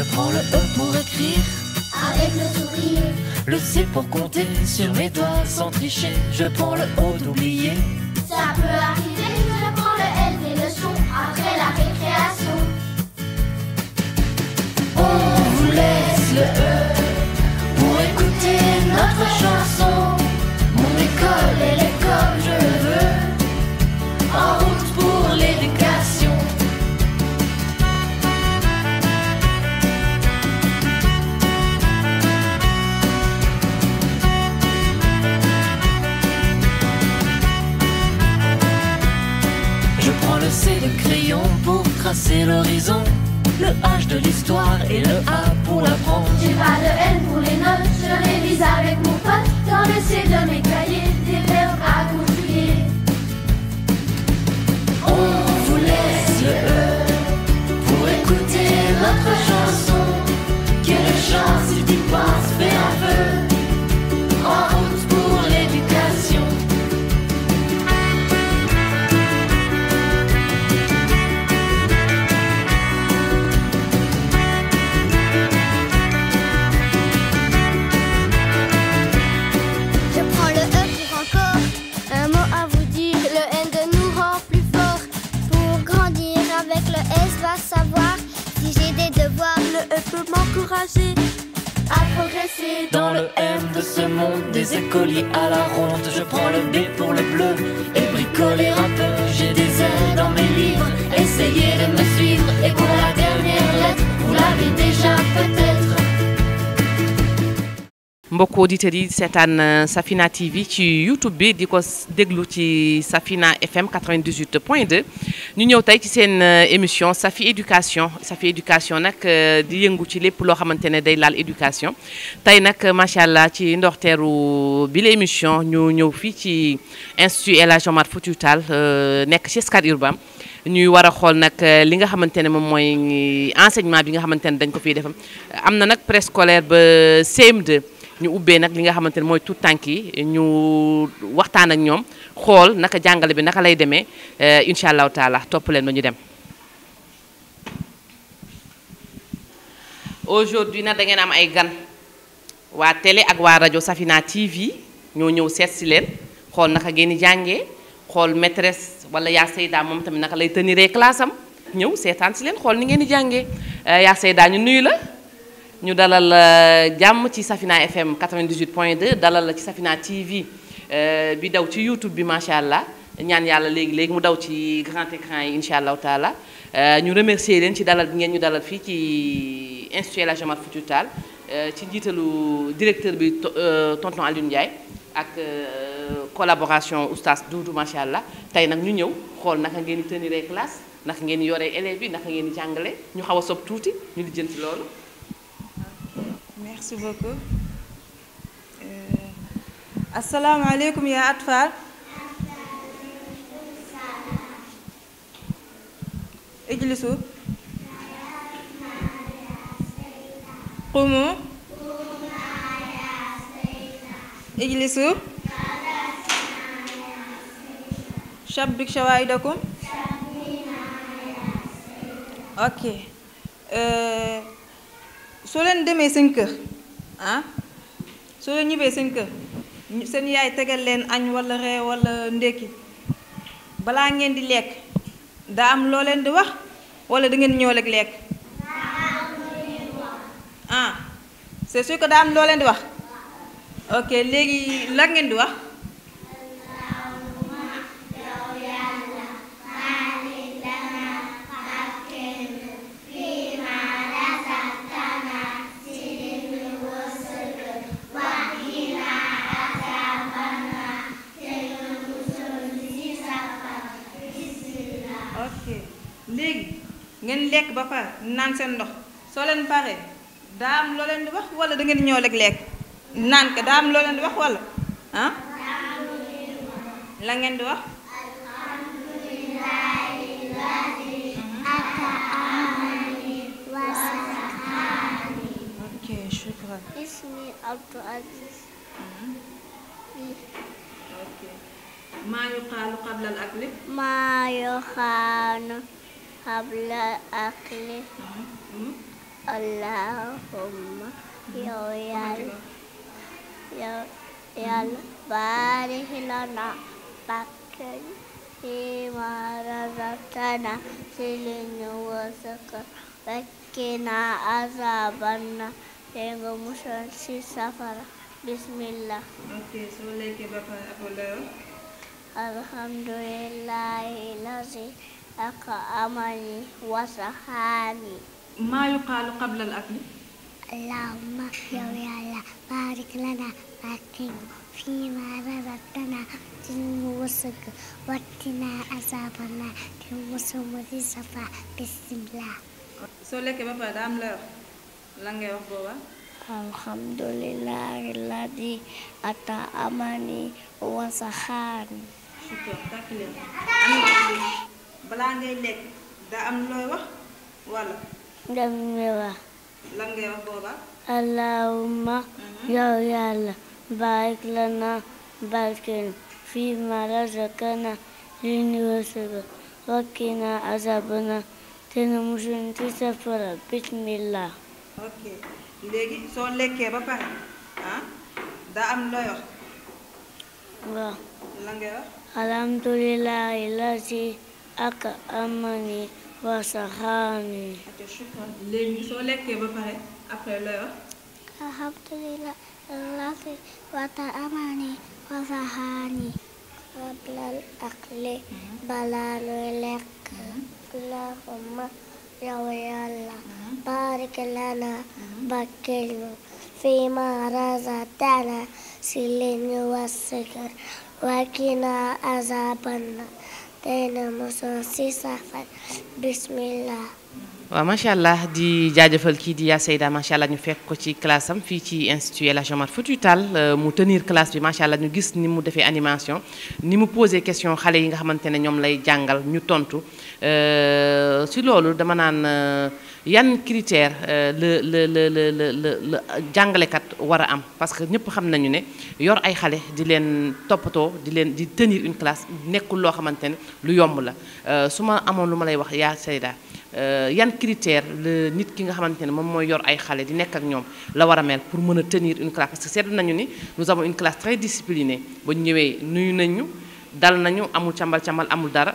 Je prends le E pour écrire avec le sourire. Le C pour compter sur mes doigts sans tricher. Je prends le O d'oublier. Ça peut arriver, je prends le L des leçons après la récréation. On vous laisse le E. C'est l'horizon. Le H de l'histoire et le A pour la France. Tu vas de N pour les notes, je révise avec mon pote dans le de de voir. Le E peut m'encourager à progresser dans le M de ce monde des écoliers à la ronde. Je prends le B pour le bleu et bricoler un peu. J'ai des ailes dans mes livres. Essayez de me suivre et pour la mbokk auditeurs yi seetaan euh, Safina TV ci YouTube bi di ko déglu ci Safina FM 98 point 2 ñu ñëw tey ci seen euh, émission Safi éducation Safi éducation nag euh, di yëngu ci lépp loo xamante ne day laal éducation tey nag macha allah ci ndorteeru bi la émission ñu ñëw fii ci institut El Hadj Omar Foutiyou Tall nekk ci Scat Urbam ñuy war a xool nag li nga xamante ne moom mooy enseignement bi nga xamante ne dañ ko fiy defam am na nag préscolaire ba CM2. ñu ubbee nag li nga xamante ne mooy tout tànk yi ñu waxtaan ak ñoom xool naka jàngale bi naka lay demee eh, incha allahu taala topp leen ba ñu dem. aujourd'hui nag da ngeen am ay gan waa télé ak waa rajo Safina TV ñoo ñëw seet si leen xool naka ngeen di jàngee xool maîtresse wala yaa Seyda moom tamit naka lay tëniree classe am ñëw seetaan si leen xool ni ngeen di jàngee eh, yaa Seyda ñu nuyu la. ñu dalal euh, jàmm ci Safina FM 98.2 dalal la ci Safina TV euh, bi daw ci YouTube bi macha allah ñaan yàlla léegi léegi mu daw ci grand écran yi incha allah taala euh, ñu remercier leen ci dalal bi ngeen ñu dalal fii ci institut El Hadji Omar Foutiyou Tall ci njiitalu directeur bi tonton Alioune Ndiaye ak collaboration oustaz Doudou macha allah tey nag ñu ñëw xool naka ngeen di tenir classe naka ngeen di yore élèves yi naka ngeen di jàngale ñu xaw a sob tuuti ñu di jënd ci merci beaucoup euh, asalaamaaleykum yaa atfaal ijlisu qumu ijlisu shabbik shawaidakum ok euh, soo leen demee seen kër ah soo leen ñibbee seen kër seen yaay tegal leen añ walla ree walla ndékki balaa ngeen di lekk daa am loo leen di wax wala da ngeen ñëw rek lekk ah c'est sûr ko daa am loo leen di wax ok léegi la ngeen di wax lek ba fa nan sen ndox so len paré daa lo len di wax wala da ngeen ñëw lek lek nan ka daa lo len di wax wala ah la ngeen di wax Okay, شكرا. اسمي عبد العزيز. ما يقال قبل الأكل؟ ما يقال قبل أكله اللهم يا البارح لنا لكن فيما رزقتنا سلن وسكر وكنا عذاب النار dégg musal ci safara bismillah alhamdulillahi lazi أقامني وصحاني ما يقال قبل الأكل؟ اللهم يا الله بارك لنا فاكين فيما رزقتنا تنمو وسق وقتنا أصابنا تنمو سمري صفا بسم الله سولك بابا دام لر لنجي بابا الحمد لله الذي أطعمني وسخاني شكرا تاكلين balaa ngay lekk daa am looy wax walla dam ne wax wax allahumma mhm. yow yàlla barik lana barkeel fii ma razaqana li ñu wakkina azabana te nu musul ci safara bismillah ok léegi soo lekkee ba pare ah am looy wax waaw lan ngay wax ak amani wa saxaani. léegi soo lekkee ba pare barik lana bakkil fi ma razaqtana si li ñu wakina azaban waaw macha allah di jaajëfal kii di yaa Seyda machallah ñu fekk ko ci classe am fii ci institut El Hadj Omar euh, mu tenir classe bi machallah ñu gis ni mu defee animation ni mu poser question xale yi nga xamante ne ñoom lay jàngal ñu tontu euh, si loolu dama naan. Euh, yan critère euh, le le le le le jàngalekat war a am parce que nous pouvons nañu ne yor ay xale di leen toppatoo di di tenir une classe nekkul loo xamante ne lu yomb la euh, su ma amoon lu ma lay wax yaa euh, yan critère le nit ki nga xamante ne yor ay xale di nekk ak la war mel pour mën tenir une classe parce que seetlu nañu ni nous avons une classe très disciplinée ba nous ñëwee nuyu nañu dal nañu amul chambal chamal amul dara.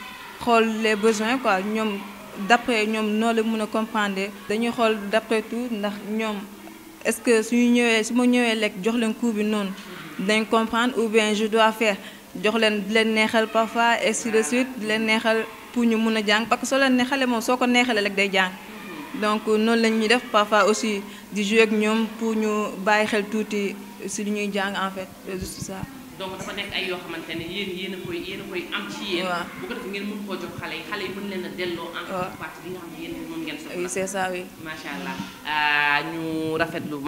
xool les besoins quoi ñoom d'après ñoom noo la mën a comprendre dañuy xool d'après tout ndax ñoom est-ce que suñu ñëwee su ma ñëwee lekk jox leen coup bi noonu dañ comprendre ou bien je dois faire jox leen di leen neexal parfois et ainsi de suite di leen neexal pour ñu mun a jàng parce que soo leen neexalee moom soo ko neexalee rek day jàng donc noonu la ñuy def parfois aussi di jouer ak ñoom pour ñu bàyyi xel tuuti si li ñuy jàng en fait juste ça. donc dafa nekk ay yoo xamante ne yéen yéen a koy am ci yéen. bu ko ngeen mën koo jox xale yi xale leen delloo. en partie bi nga xam ah,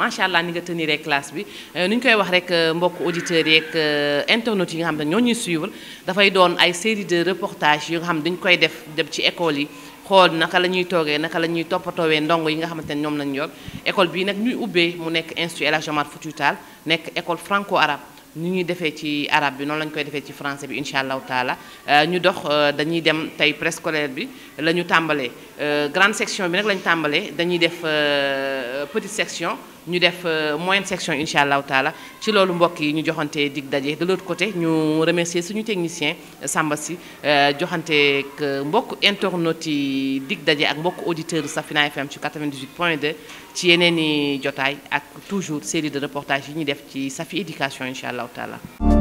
macha allah ni nga tëniree rek classe bi euh, ni ñu koy wax rek euh, mbokk auditeurs yeeg euh, internautes yi nga xam ne ñoo ñuy suivre dafay doon ay série de reportage yoo nga xam ne dañu koy def dem ci école yi. xool naka la ñuy toogee naka la ñuy toppatoowee ndongo yi nga xamante ne ñoom lañ yor école bi nag ñuy ubbee mu nekk institut El Hadj nekk école franco arabe ni ñuy defee ci arabe bi noonu la ñu koy defee ci français bi incha allahu taala euh, ñu dox euh, dañuy dem tey préscolaire bi la ñu euh, grande section bi nag la ñu tàmbalee dañuy def petite section ñu def euh, moyenne section inshallah taala ci lolu mbokk yi ñu joxante de l'autre côté ñu remercier suñu technicien euh, Samba si euh, joxanteeg mbokk internautes dig dajé ak mbokk auditeurs Safina FM ci 98.2, ci ak toujours série de reportages yi ñu def ci Safi éducation inshallah taala